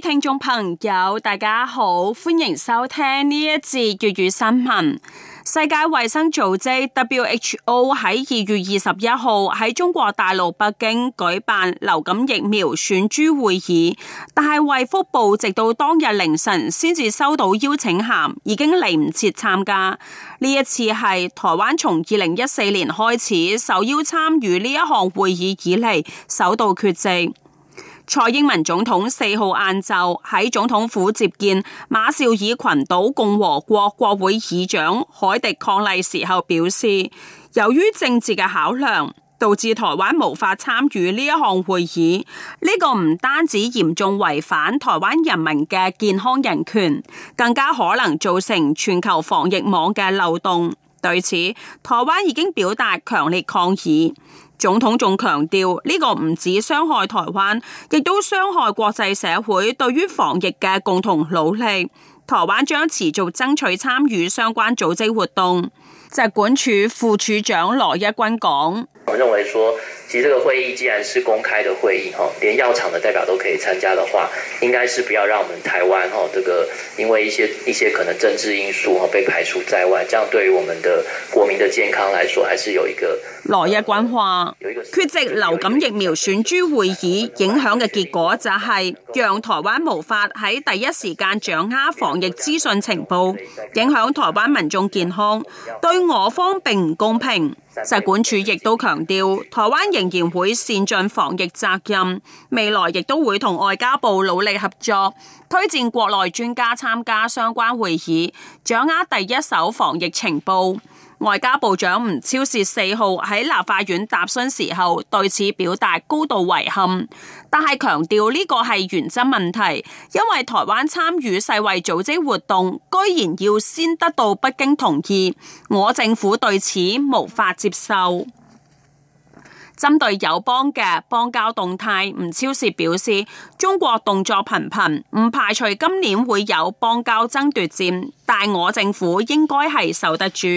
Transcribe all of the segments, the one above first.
聽眾朋友，大家好，歡迎收聽呢一節粵語新聞。世界衛生組織 WHO 喺二月二十一號喺中國大陸北京舉辦流感疫苗選株會議，但係衛福部直到當日凌晨先至收到邀請函，已經嚟唔切參加。呢一次係台灣從二零一四年開始受邀參與呢一項會議以嚟首度缺席。蔡英文總統四號晏晝喺總統府接見馬紹爾群島共和國國會議長海迪抗麗時候表示，由於政治嘅考量，導致台灣無法參與呢一項會議，呢個唔單止嚴重違反台灣人民嘅健康人權，更加可能造成全球防疫網嘅漏洞。對此，台灣已經表達強烈抗議。總統仲強調，呢、這個唔止傷害台灣，亦都傷害國際社會對於防疫嘅共同努力。台灣將持續爭取參與相關組織活動。疾、就是、管署副署長羅一鈞講。我認為說，其實這個會議既然是公開的會議，哈，連藥廠的代表都可以參加的話，應該是不要讓我們台灣，哈，這個因為一些一些可能政治因素，被排除在外。這樣對於我們的國民的健康來說，還是有一個來日關話。缺席流感疫苗選株會議影響嘅結果就係讓台灣無法喺第一時間掌握防疫資訊情報，影響台灣民眾健康，對我方並唔公平。疾管署亦都強調，台灣仍然會善盡防疫責任，未來亦都會同外交部努力合作，推薦國內專家參加相關會議，掌握第一手防疫情報。外交部長吳釗燮，四號喺立法院答詢時候對此表達高度遺憾，但係強調呢個係原則問題，因為台灣參與世衛組織活動居然要先得到北京同意，我政府對此無法接受。針對友邦嘅邦交動態，吳釗燮，表示中國動作頻頻，唔排除今年會有邦交爭奪戰，但我政府應該係守得住。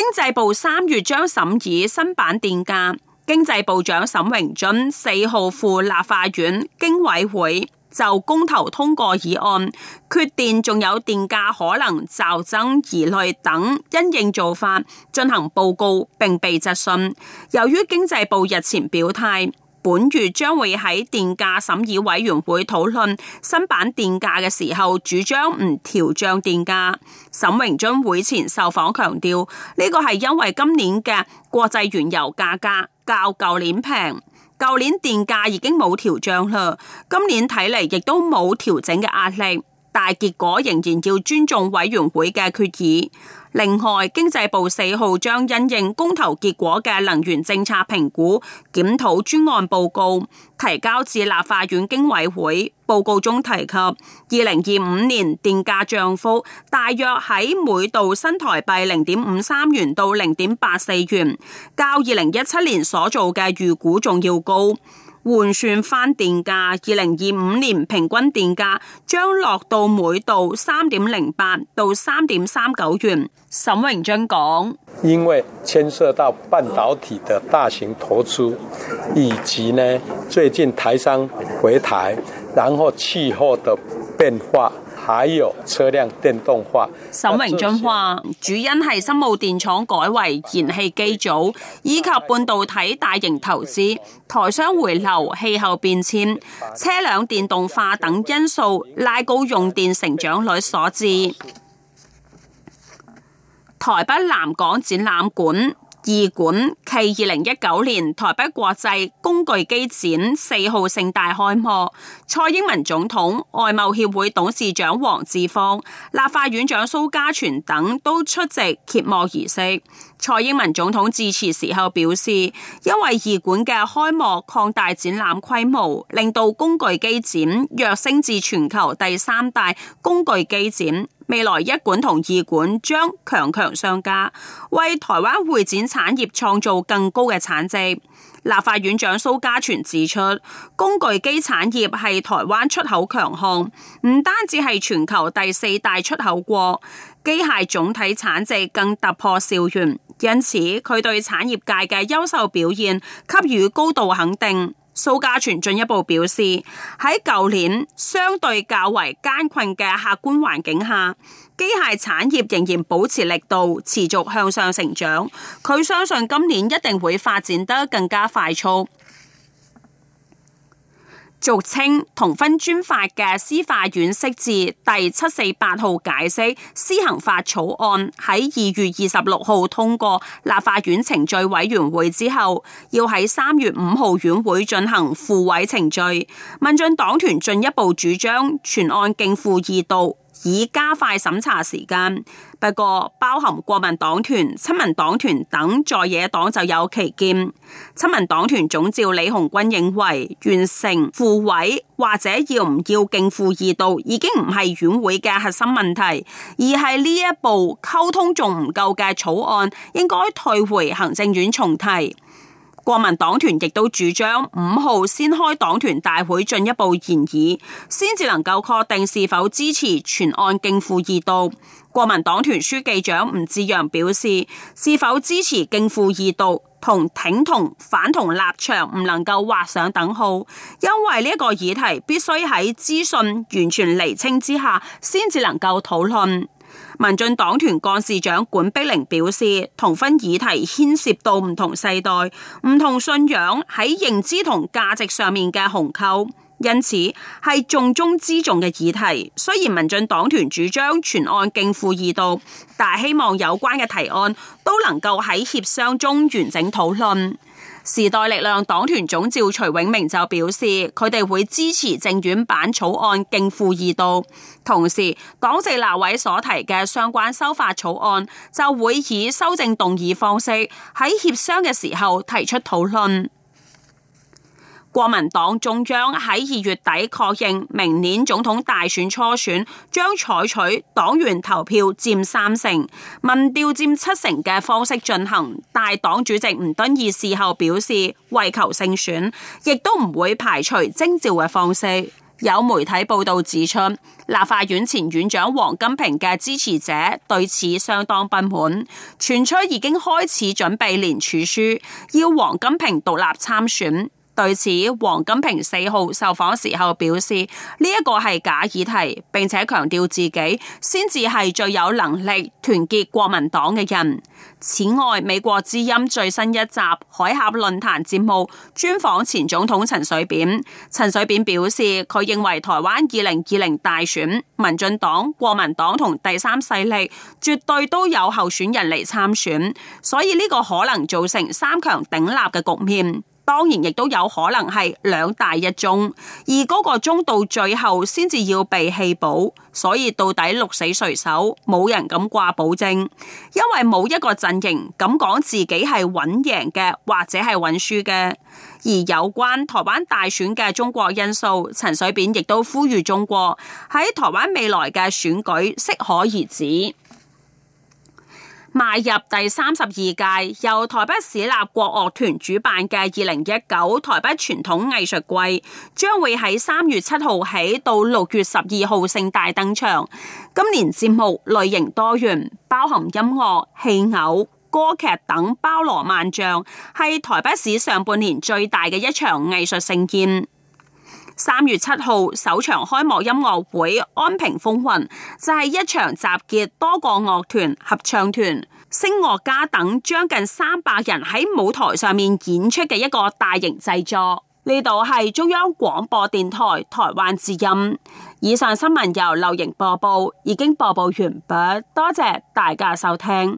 經濟部三月將審議新版電價，經濟部長沈榮津四號赴立法院經委會就公投通過議案，缺電仲有電價可能驟增疑慮等因應做法進行報告，並被質詢。由於經濟部日前表態，本月將會喺電價審議委員會討論新版電價嘅時候，主張唔調漲電價。沈榮津會前受訪強調，呢個係因為今年嘅國際原油價格較舊年平，舊年電價已經冇調漲啦，今年睇嚟亦都冇調整嘅壓力，但係結果仍然要尊重委員會嘅決議。另外，經濟部四號將因應公投結果嘅能源政策評估檢討專案報告，提交至立法院經委會。報告中提及，二零二五年電價漲幅大約喺每度新台幣零點五三元到零點八四元，較二零一七年所做嘅預估仲要高。換算翻電價，二零二五年平均電價將落到每度三點零八到三點三九元。沈榮章講，因為牽涉到半導體的大型投資，以及呢，最近台商回台，然後氣候的變化。還有車輛電動化。沈榮津話：主因係深澳電廠改為燃氣機組，以及半導體大型投資、台商回流、氣候變遷、車輛電動化等因素拉高用電成長率所致。台北南港展覽館二館。喺二零一九年台北國際工具機展四號盛大開幕，蔡英文總統、外貿協會董事長黃志芳、立法院長蘇嘉全等都出席揭幕儀式。蔡英文總統致辭時候表示，因為二館嘅開幕擴大展覽規模，令到工具機展躍升至全球第三大工具機展。未來一館同二館將強強相加，為台灣會展產業創造。更高嘅產值。立法院長蘇嘉全指出，工具機產業係台灣出口強項，唔單止係全球第四大出口國，機械總體產值更突破兆元，因此佢對產業界嘅優秀表現給予高度肯定。蘇嘉全進一步表示，喺舊年相對較為艱困嘅客觀環境下，機械產業仍然保持力度，持續向上成長。佢相信今年一定會發展得更加快速。俗稱同婚專法嘅司法院釋字第七四八號解釋施行法草案喺二月二十六號通過立法院程序委員會之後，要喺三月五號院會進行付委程序。民進黨團進一步主張全案逕付二讀。以加快審查時間，不過包含國民黨團、親民黨團等在野黨就有歧見。親民黨團總召李鴻鈞認為，完成付委或者要唔要逕付二讀，已經唔係院會嘅核心問題，而係呢一步溝通仲唔夠嘅草案，應該退回行政院重提。國民黨團亦都主張五號先開黨團大會進一步研議，先至能夠確定是否支持全案逕付二讀。國民黨團書記長吳志揚表示，是否支持逕付二讀同挺同反同立場唔能夠劃上等號，因為呢一個議題必須喺資訊完全厘清之下先至能夠討論。民進黨團幹事長管碧玲表示，同婚議題牽涉到唔同世代、唔同信仰喺認知同價值上面嘅鴻溝。因此係重中之重嘅議題，雖然民進黨團主張全案逕付二讀，但希望有關嘅提案都能夠喺協商中完整討論。時代力量黨團總召徐永明就表示，佢哋會支持政院版草案逕付二讀，同時黨籍立委所提嘅相關修法草案就會以修正動議方式喺協商嘅時候提出討論。國民黨中央喺二月底確認，明年總統大選初選將採取黨員投票佔三成、民調佔七成嘅方式進行。大黨主席吳敦義事後表示，為求勝選，亦都唔會排除徵召嘅方式。有媒體報道指出，立法院前院長王金平嘅支持者對此相當不滿，傳出已經開始準備連署書，要王金平獨立參選。對此，王金平四號受訪時候表示，呢、這、一個係假議題，並且強調自己先至係最有能力團結國民黨嘅人。此外，美國之音最新一集海峽論壇節目專訪前總統陳水扁，陳水扁表示，佢認為台灣二零二零大選，民進黨、國民黨同第三勢力絕對都有候選人嚟參選，所以呢個可能造成三強鼎立嘅局面。當然，亦都有可能係兩大一中，而嗰個中到最後先至要被棄保，所以到底鹿死誰手？冇人敢掛保證，因為冇一個陣營敢講自己係穩贏嘅，或者係穩輸嘅。而有關台灣大選嘅中國因素，陳水扁亦都呼籲中國喺台灣未來嘅選舉適可而止。邁入第三十二屆由台北市立國樂團主辦嘅二零一九台北傳統藝術季，將會喺三月七號起到六月十二號盛大登場。今年節目類型多元，包含音樂、戲偶、歌劇等，包羅萬象，係台北市上半年最大嘅一場藝術盛宴。三月七號首場開幕音樂會《安平風雲》就係、是、一場集結多個樂團、合唱團、聲樂家等將近三百人喺舞台上面演出嘅一個大型製作。呢度係中央廣播電台台灣之音。以上新聞由流瑩播報，已經播報完畢，多謝大家收聽。